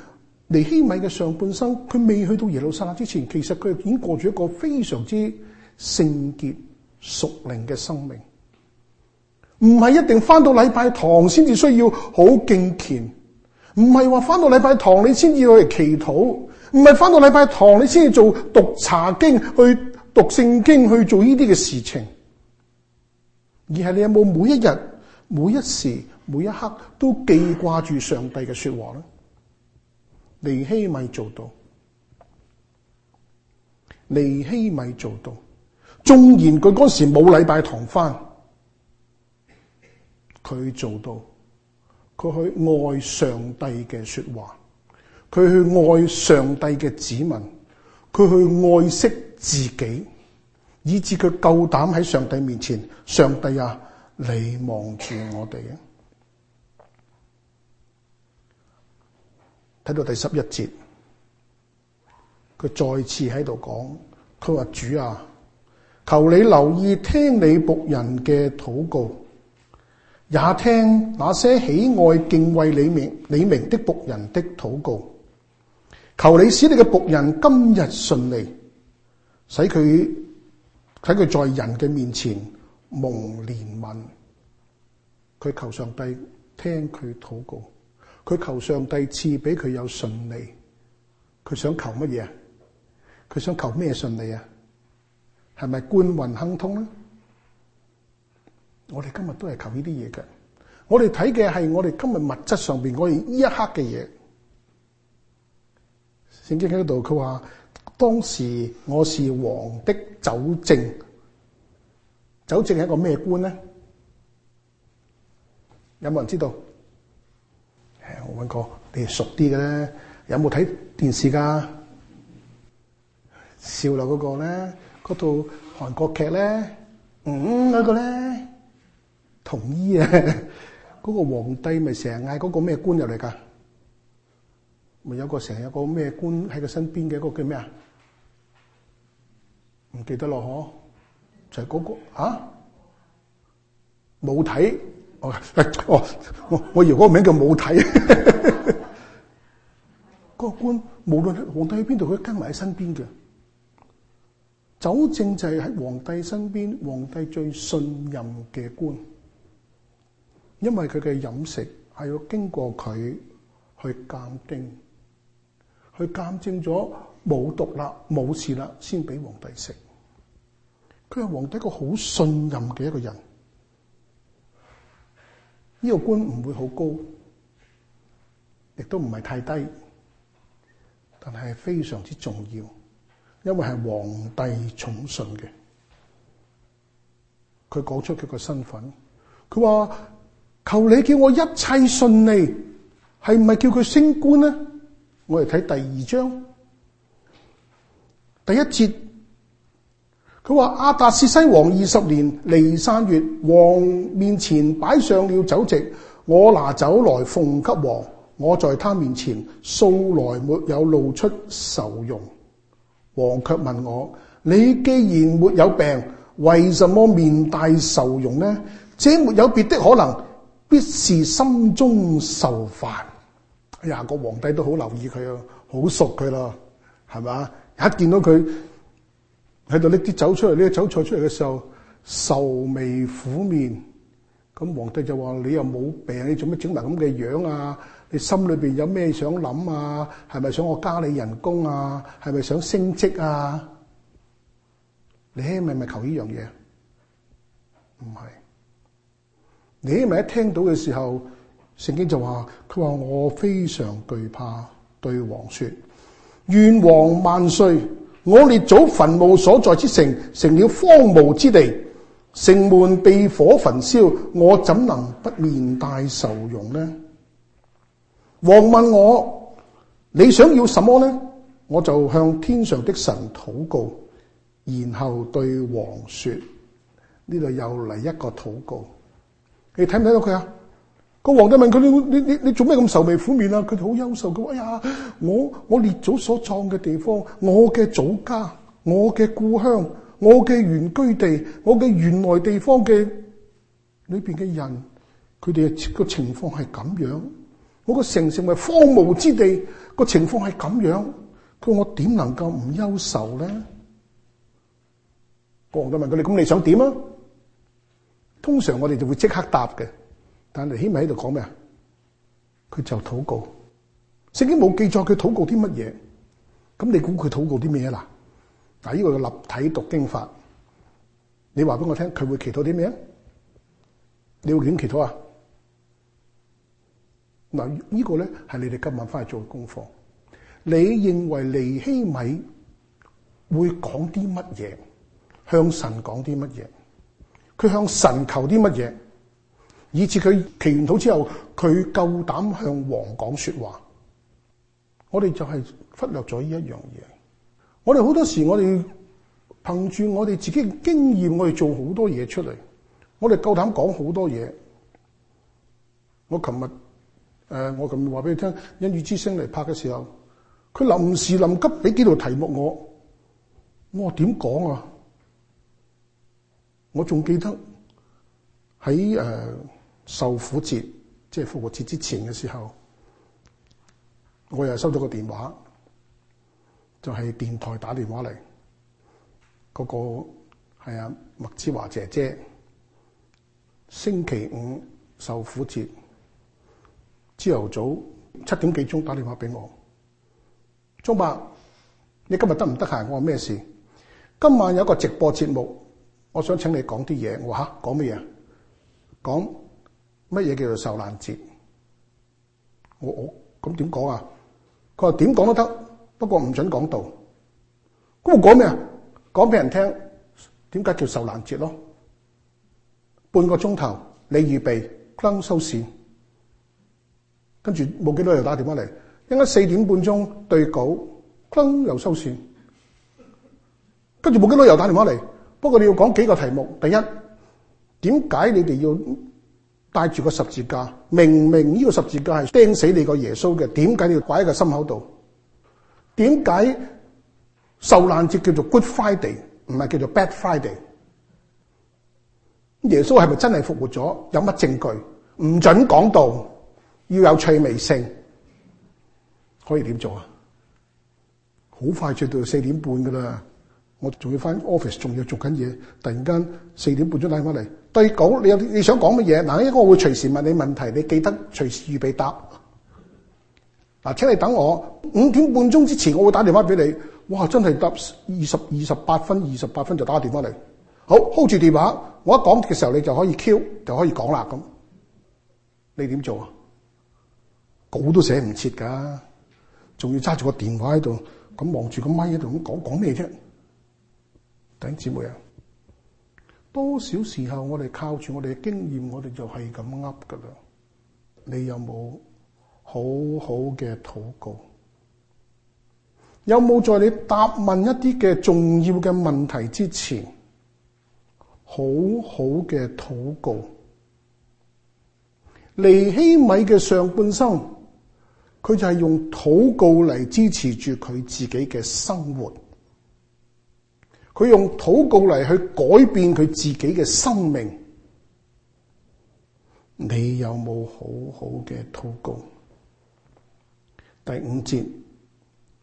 尼希米嘅上半生，佢未去到耶路撒冷之前，其實佢已經過住一個非常之……聖潔、屬靈嘅生命，唔係一定翻到禮拜堂先至需要好敬虔，唔係話翻到禮拜堂你先至去祈禱，唔係翻到禮拜堂你先至做讀查經、去讀聖經、去做呢啲嘅事情，而係你有冇每一日、每一時、每一刻都記掛住上帝嘅說話呢？尼希米做到，尼希米做到。縱然佢嗰時冇禮拜堂翻，佢做到，佢去愛上帝嘅說話，佢去愛上帝嘅指紋，佢去愛惜自己，以致佢夠膽喺上帝面前，上帝啊，你望住我哋。睇到第十一節，佢再次喺度講，佢話主啊。求你留意聽你僕人嘅禱告，也聽那些喜愛敬畏你名你名的僕人的禱告。求你使你嘅僕人今日順利，使佢喺佢在人嘅面前蒙憐憫。佢求上帝聽佢禱告，佢求上帝賜俾佢有順利。佢想求乜嘢？佢想求咩順利啊？係咪官運亨通咧？我哋今日都係求呢啲嘢嘅。我哋睇嘅係我哋今日物質上邊我哋依一刻嘅嘢。聖經喺度佢話當時，我是王的酒政，酒政係個咩官咧？有冇人知道？誒，我搵個你熟啲嘅咧，有冇睇電視噶？笑樓嗰個咧？嗰套韓國劇咧，嗯，嗰個咧，同伊啊，嗰個皇帝咪成日嗌嗰個咩官入嚟㗎？咪有個成日有個咩官喺佢身邊嘅？嗰個叫咩啊？唔記得咯，嗬？就係嗰個啊？武體哦，我我我以為嗰個名叫武體。嗰個官無論皇帝喺邊度，佢跟埋喺身邊嘅。酒政就係喺皇帝身邊，皇帝最信任嘅官，因為佢嘅飲食係要經過佢去鑑定，去鑑證咗冇毒啦，冇事啦，先俾皇帝食。佢係皇帝一個好信任嘅一個人，呢、這個官唔會好高，亦都唔係太低，但係非常之重要。因為係皇帝寵信嘅，佢講出佢個身份。佢話，求你叫我一切順利，係咪叫佢升官呢？我嚟睇第二章第一節。佢話，亞達薛西王二十年尼散月，王面前擺上了酒席，我拿酒來奉給王，我在他面前素來沒有露出愁容。王卻問我：你既然沒有病，為什麼面帶愁容呢？這沒有別的可能，必是心中愁煩。哎呀，呢個皇帝都好留意佢啊，好熟佢咯，係咪？一見到佢喺度搦啲酒出嚟，呢啲酒菜出嚟嘅時候，愁眉苦面，咁皇帝就話：你又冇病，你做乜整埋咁嘅樣，樣啊？你心裏面有咩想諗啊？係咪想我加你人工啊？係咪想升職啊？你係咪咪求呢樣嘢？唔係。你係咪一聽到嘅時候，聖經就話，佢話我非常懼怕，對王說。願王萬歲，我列祖墳墓所在之城，成了荒蕪之地，城門被火焚燒，我怎能不面帶愁容呢？王問我：你想要什麼呢？我就向天上的神禱告，然後對王說：呢度又嚟一個禱告。你睇唔睇到佢啊？個皇帝問佢：你你你你做咩咁愁眉苦面啊？佢哋好優秀噶。哎呀，我我列祖所葬嘅地方，我嘅祖家，我嘅故鄉，我嘅原居地，我嘅原來地方嘅裏邊嘅人，佢哋個情況係咁樣。我個城成為荒蕪之地，個情況係咁樣，佢我點能夠唔憂愁咧？國王都問佢：你咁你想點啊？通常我哋就會即刻答嘅。但係尼希米喺度講咩啊？佢就禱告。聖經冇記載佢禱告啲乜嘢，咁你估佢禱告啲咩啊？嗱，嗱呢個立體讀經法，你話俾我聽，佢會祈禱啲咩啊？你會點祈禱啊？嗱，呢個咧，係你哋今晚翻去做功課。你認為尼希米會講啲乜嘢？向神講啲乜嘢？佢向神求啲乜嘢？以致佢祈完禱之後，佢夠膽向王講說話。我哋就係忽略咗呢一樣嘢。我哋好多時，我哋憑住我哋自己嘅經驗，我哋做好多嘢出嚟。我哋夠膽講好多嘢。我琴日。誒，我咁話俾你聽，《恩雨之聲》嚟拍嘅時候，佢臨時臨急俾幾道題目我，我點講啊？我仲記得喺誒、呃、受苦節，即係復活節之前嘅時候，我又收到個電話，就係、是、電台打電話嚟，嗰、那個係啊麥之華姐姐，星期五受苦節。朝頭早七點幾鐘打電話俾我。鍾伯，你今日得唔得閒？我話咩事？今晚有一個直播節目，我想請你講啲嘢。我吓講乜嘢？講乜嘢叫做受難節？我我咁點講啊？佢話點講都得，不過唔准講道。咁我講咩啊？講俾人聽，點解叫受難節咯？半個鐘頭，你預備收線。跟住冇幾多又打電話嚟，應該四點半鐘對稿，噉又收線。跟住冇幾多又打電話嚟，不過你要講幾個題目。第一，點解你哋要帶住個十字架？明明呢個十字架係釘死你個耶穌嘅，點解你要擺喺個心口度？點解受難節叫做 Good Friday，唔係叫做 Bad Friday？耶穌係咪真係復活咗？有乜證據？唔準講道。要有趣味性，可以點做啊？好快出到四點半噶啦，我仲要翻 office，仲要做緊嘢。突然間四點半鐘打翻嚟，對稿你有你想講乜嘢？嗱，呢個我會隨時問你問題，你記得隨時預備答。嗱，請你等我五點半鐘之前，我會打電話俾你。哇，真係答二十二十八分、二十八分就打個電話嚟。好，hold 住電話，我一講嘅時候你就可以 Q，就可以講啦咁。你點做啊？稿都寫唔切噶，仲要揸住個電話喺度咁望住個麥喺度咁講，講咩啫？弟兄姊妹啊，多少時候我哋靠住我哋嘅經驗，我哋就係咁噏噶啦。你有冇好好嘅禱告？有冇在你答問一啲嘅重要嘅問題之前，好好嘅禱告？尼希米嘅上半生。佢就係用禱告嚟支持住佢自己嘅生活，佢用禱告嚟去改變佢自己嘅生命。你有冇好好嘅禱告？第五節，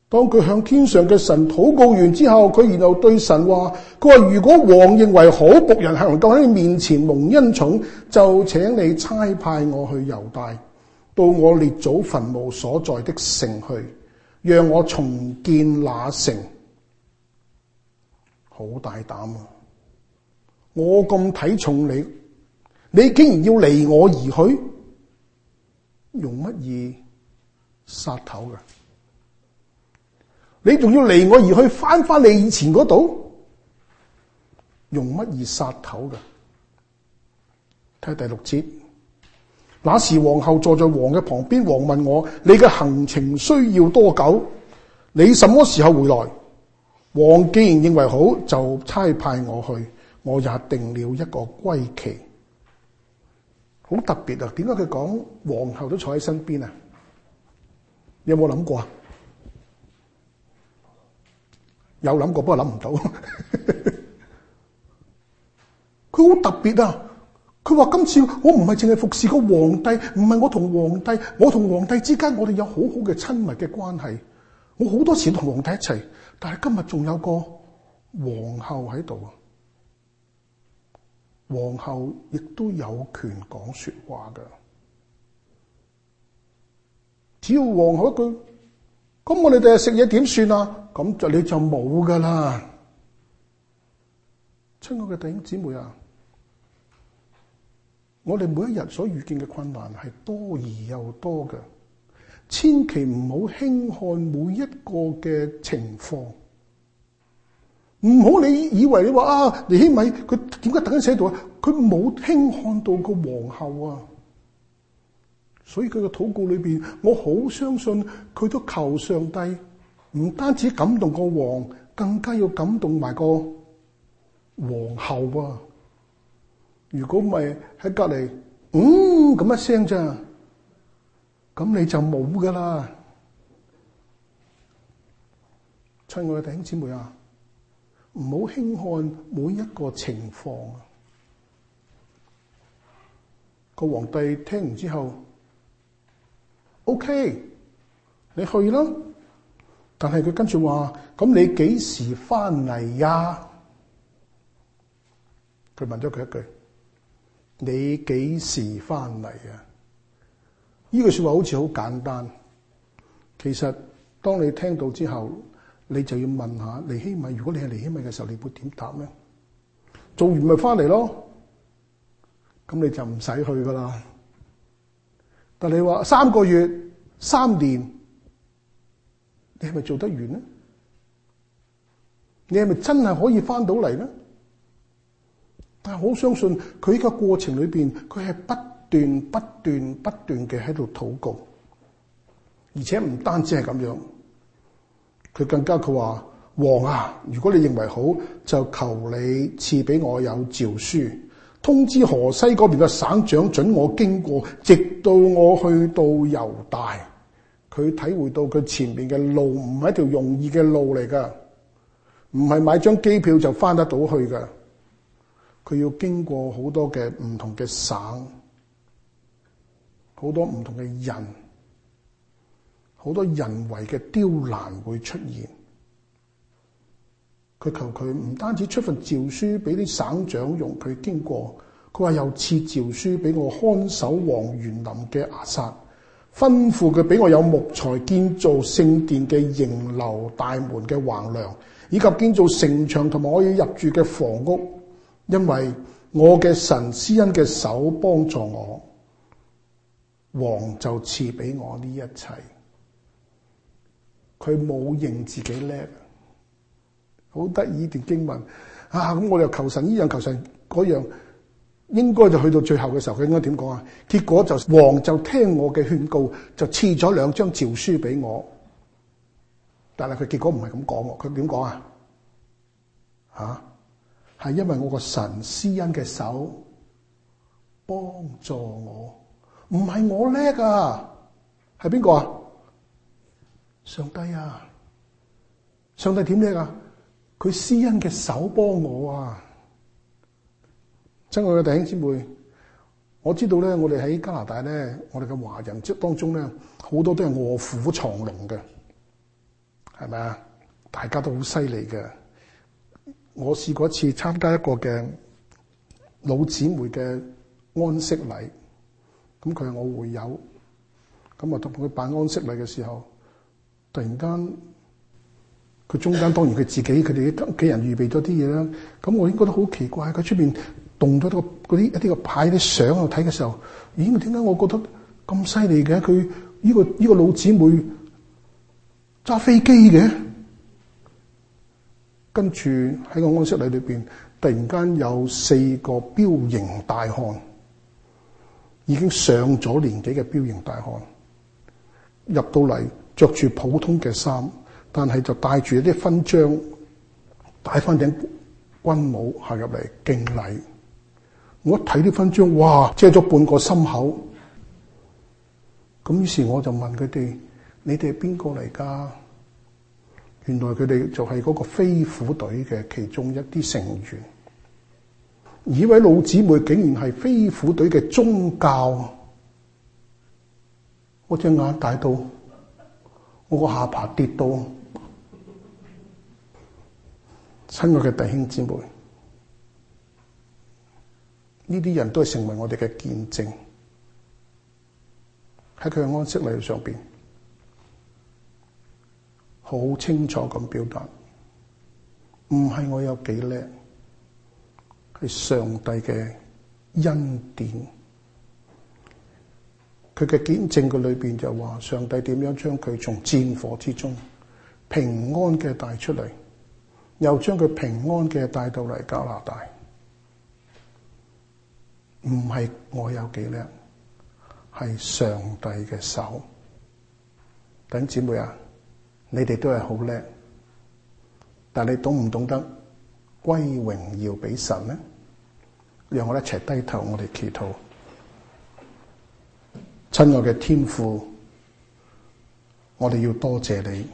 當佢向天上嘅神禱告完之後，佢然後對神話，佢話如果王認為好僕人行到喺你面前蒙恩寵，就請你差派我去猶大，到我列祖墳墓所在的城去，讓我重建那城。好大膽啊！我咁睇重你，你竟然要離我而去，用乜嘢殺頭㗎？你仲要離我而去，返返你以前嗰度，用乜嘢殺頭㗎？睇第六節。那時皇后坐在王嘅旁邊，王問我，你嘅行程需要多久？你什麼時候回來？王既然認為好，就差派我去。我也定了一個歸期。好特別啊！點解佢講皇后都坐喺身邊啊有有？有冇諗過啊？有諗過，想不過諗唔到。佢 好特別啊！佢話今次我唔係淨係服侍個皇帝，唔係我同皇帝，我同皇帝之間我哋有好好嘅親密嘅關係。我好多時同皇帝一齊，但係今日仲有個皇后喺度啊！皇后亦都有權講說話㗎。只要皇后一句，咁我哋第日食嘢點算啊？咁就你就冇噶啦！親愛嘅弟兄姊妹啊！我哋每一日所遇見嘅困難係多而又多嘅，千祈唔好輕看每一個嘅情況。唔好你以為你話啊，尼希米佢點解突然寫到啊？佢冇輕看到個皇后啊，所以佢嘅禱告裏邊，我好相信佢都求上帝，唔單止感動個王，更加要感動埋個皇后啊！如果唔係喺隔籬，嗯咁一聲咋，咁你就冇噶啦。親愛嘅弟兄姊妹啊，唔好輕看每一個情況。個皇帝聽完之後，OK，你去啦。但係佢跟住話，咁你幾時翻嚟呀？佢問咗佢一句。你幾時翻嚟啊？呢句説話好似好簡單，其實當你聽到之後，你就要問下尼希米，如果你係尼希米嘅時候，你會點答咧？做完咪翻嚟咯，咁你就唔使去噶啦。但你話三個月，三年，你係咪做得完咧？你係咪真係可以翻到嚟咧？但係，好相信佢呢個過程裏邊，佢係不斷、不斷、不斷嘅喺度禱告，而且唔單止係咁樣，佢更加佢話王啊！如果你認為好，就求你賜俾我有詔書，通知河西嗰邊嘅省長准我經過，直到我去到猶大。佢體會到佢前面嘅路唔係一條容易嘅路嚟噶，唔係買張機票就翻得到去噶。佢要經過好多嘅唔同嘅省，好多唔同嘅人，好多人為嘅刁難會出現。佢求佢唔單止出份詔書俾啲省長用，佢經過，佢話，又賜詔書俾我看守王園林嘅亞薩，吩咐佢俾我有木材建造聖殿嘅營樓大門嘅橫梁，以及建造城牆同埋可以入住嘅房屋。因為我嘅神施恩嘅手幫助我，王就賜俾我呢一切。佢冇認自己叻，好得意段經文啊！咁、嗯、我又求神呢樣，求神嗰樣，應該就去到最後嘅時候，佢應該點講啊？結果就王就聽我嘅勸告，就賜咗兩張詔書俾我。但係佢結果唔係咁講，佢點講啊？吓？係因為我個神施恩嘅手幫助我，唔係我叻啊，係邊個啊？上帝啊！上帝點叻啊？佢施恩嘅手幫我啊！親愛嘅弟兄姊妹，我知道咧，我哋喺加拿大咧，我哋嘅華人即係當中咧，好多都係臥虎藏龍嘅，係咪啊？大家都好犀利嘅。我試過一次參加一個嘅老姊妹嘅安息禮，咁佢係我會友。咁啊，同佢辦安息禮嘅時候，突然間佢中間當然佢自己佢哋屋企人預備咗啲嘢啦，咁我已經覺得好奇怪，佢出邊動咗個嗰啲一啲個牌啲相我睇嘅時候，咦？點解我覺得咁犀利嘅？佢呢個呢個老姊妹揸飛機嘅？跟住喺個安息禮裏邊，突然間有四個彪形大漢，已經上咗年紀嘅彪形大漢，入到嚟着住普通嘅衫，但係就帶住一啲勳章，戴翻頂軍帽行入嚟敬禮。我一睇啲勳章，哇遮咗半個心口。咁於是我就問佢哋：你哋係邊個嚟噶？原來佢哋就係嗰個飛虎隊嘅其中一啲成員，呢位老姊妹竟然係飛虎隊嘅宗教，我隻眼大到，我個下巴跌到，親愛嘅弟兄姊妹，呢啲人都係成為我哋嘅見證，喺佢嘅安息禮上邊。好清楚咁表達，唔係我有幾叻，係上帝嘅恩典。佢嘅見證嘅裏邊就話，上帝點樣將佢從戰火之中平安嘅帶出嚟，又將佢平安嘅帶到嚟加拿大。唔係我有幾叻，係上帝嘅手。弟姊妹啊！你哋都係好叻，但你懂唔懂得歸榮耀俾神呢？讓我們一齊低頭我們，我哋祈禱。親愛嘅天父，我哋要多謝你，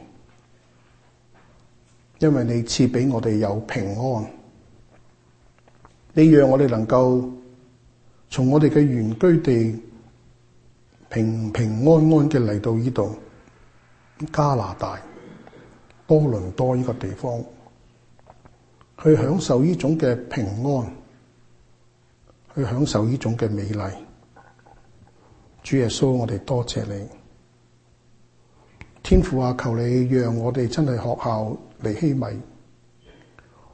因為你賜俾我哋有平安，你讓我哋能夠從我哋嘅原居地平平安安嘅嚟到呢度加拿大，多倫多呢個地方，去享受呢種嘅平安，去享受呢種嘅美麗。主耶穌，我哋多謝你。天父啊，求你讓我哋真係學校尼希米，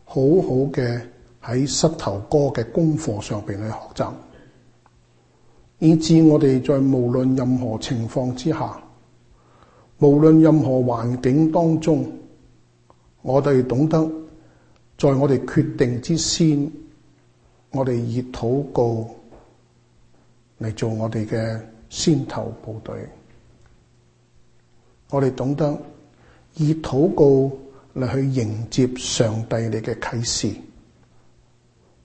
好好嘅喺膝頭哥嘅功課上邊去學習，以至我哋在無論任何情況之下，無論任何環境當中。我哋懂得，在我哋決定之先，我哋以禱告嚟做我哋嘅先頭部隊。我哋懂得以禱告嚟去迎接上帝你嘅啟示。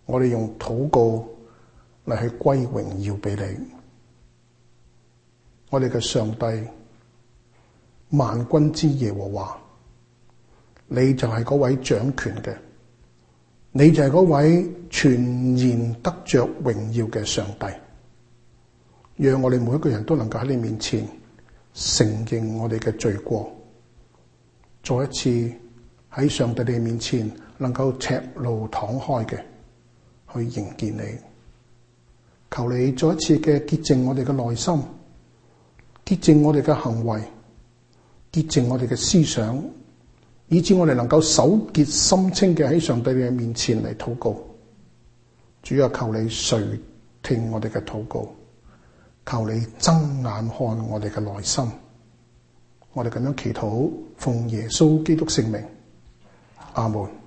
我哋用禱告嚟去歸榮耀畀你。我哋嘅上帝，萬軍之耶和華。你就係嗰位掌權嘅，你就係嗰位全然得着榮耀嘅上帝。讓我哋每一個人都能夠喺你面前承認我哋嘅罪過，再一次喺上帝嘅面前能夠赤露敞開嘅去迎接你。求你再一次嘅潔淨我哋嘅內心，潔淨我哋嘅行為，潔淨我哋嘅思想。以致我哋能夠手潔心清嘅喺上帝嘅面前嚟禱告。主啊，求你垂聽我哋嘅禱告，求你睜眼看我哋嘅內心，我哋咁樣祈禱，奉耶穌基督聖名，阿門。